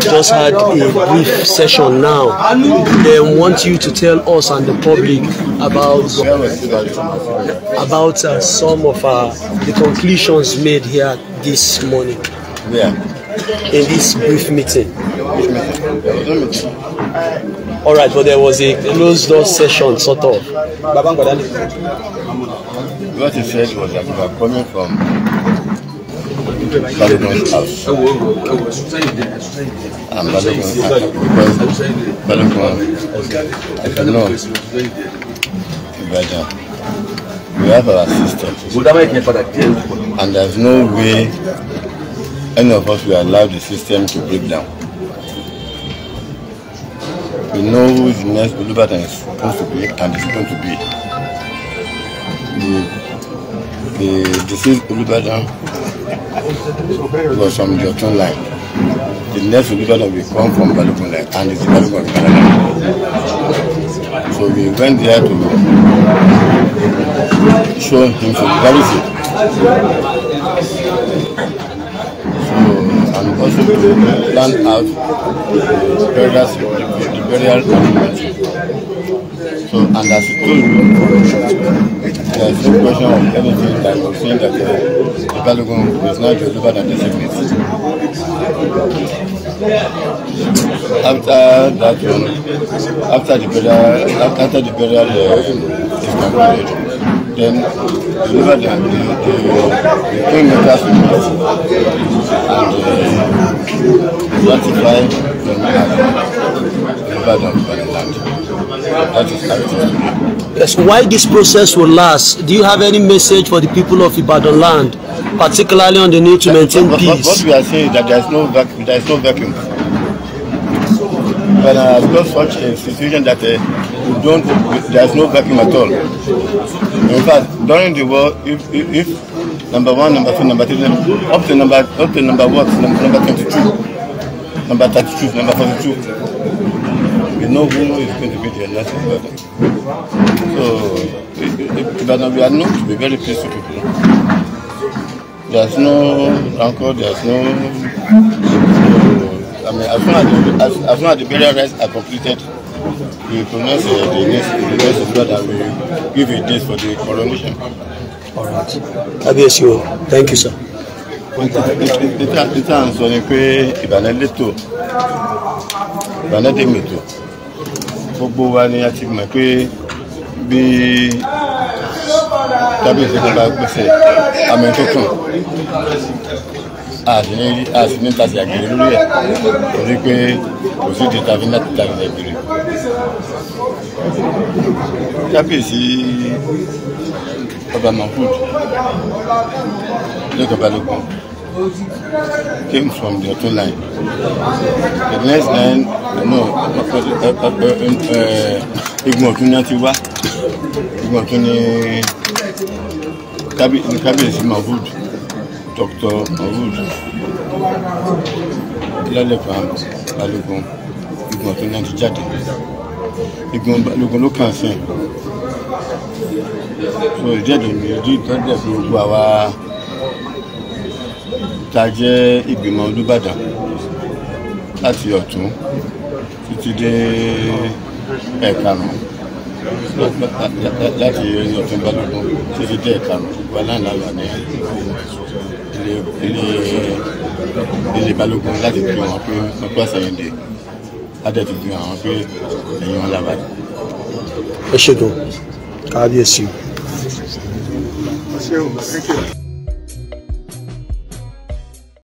just had a brief session now. They want you to tell us and the public about about uh, some of uh, the conclusions made here this morning. Yeah. In this brief meeting. All right, but there was a closed door session, sort of. What he said was that we are coming from We have our system. And there's no way any of us will allow the system to break down. We know who the next Olubadan is supposed to be and is going to be. The, the deceased Olubadan Because from Jotun line, the next division we come from Balogun line and it's Balogun of Canada. So we went there to show him some solidarity. So, and also to plan out the burial, the burial monument. So, and as he told me, there's no question of anything that was saying that uh, Balogun is not delivered at this minutes. After that one, after the burial, after the burial uh, is completed, then deliver the the the of report and uh, ratify them and deliver the land. That is how it is. Yes. Why this process will last? Do you have any message for the people of Ibadan land, particularly on the need to maintain what, peace? What, we are saying is that there is no vacuum. There is no vacuum. But uh, such a situation that uh, we don't. There is no vacuum at all. In fact, during the war, if, if, if number one, number two, number three, up to number up to number what, number, number twenty-two, number thirty-two, number forty-two. you know who is going to be the next governor. So, Ibadan, we are known to be very peaceful people. There's no rancor, there's no. I mean, as soon as, the, as, as soon as the burial rites are completed, we pronounce uh, the next the next of God and we give a date for the coronation. All right. Kábíyèsí o, thank you sir. Peter Peter n sọ ni pé Ìbàdàn lẹ́tọ̀ Ìbàdàn dèmi ètò gbogbo wa ni a ti mọ̀ pé bí kábíyèsí kan bá gbèsè àmì tó kàn a sì ní tàṣì àgbèrè lórí ẹ̀ torí pé kò sí di tàbí náà tàbí àgbèrè. kábíyèsí ọba mahmood lẹ́kọ̀ọ́ balógun came from the auto line. The next line, no, Igun Ọ̀tún ni a ti wá. Igun Ọ̀tún ni Kábíyèsí Mahmood, Dr. Mahmood, Lálẹ́fà Balógun, Igun Ọ̀tún ni a ti jáde. Igun Balógun ló kàn sẹ́yìn. So ìjẹ́dùn ni ìdí ìtọ́jú ẹ̀ fún gbogbo àwa ta jẹ́ ìgbìmọ̀ Olúbàdàn láti ọ̀tún títí dé ẹ̀karùn-ún láti ẹni ọ̀tún balógun títí dé ẹ̀karùn-ún banana wà ní ilé balógun láti fi wọn pé wọn pẹ́ sẹ́yìn dé ládẹ́ ti fi àwọn pé ẹ̀yìn wọn lábàdàn. ẹ ṣètò kábíyèsí. Thank you.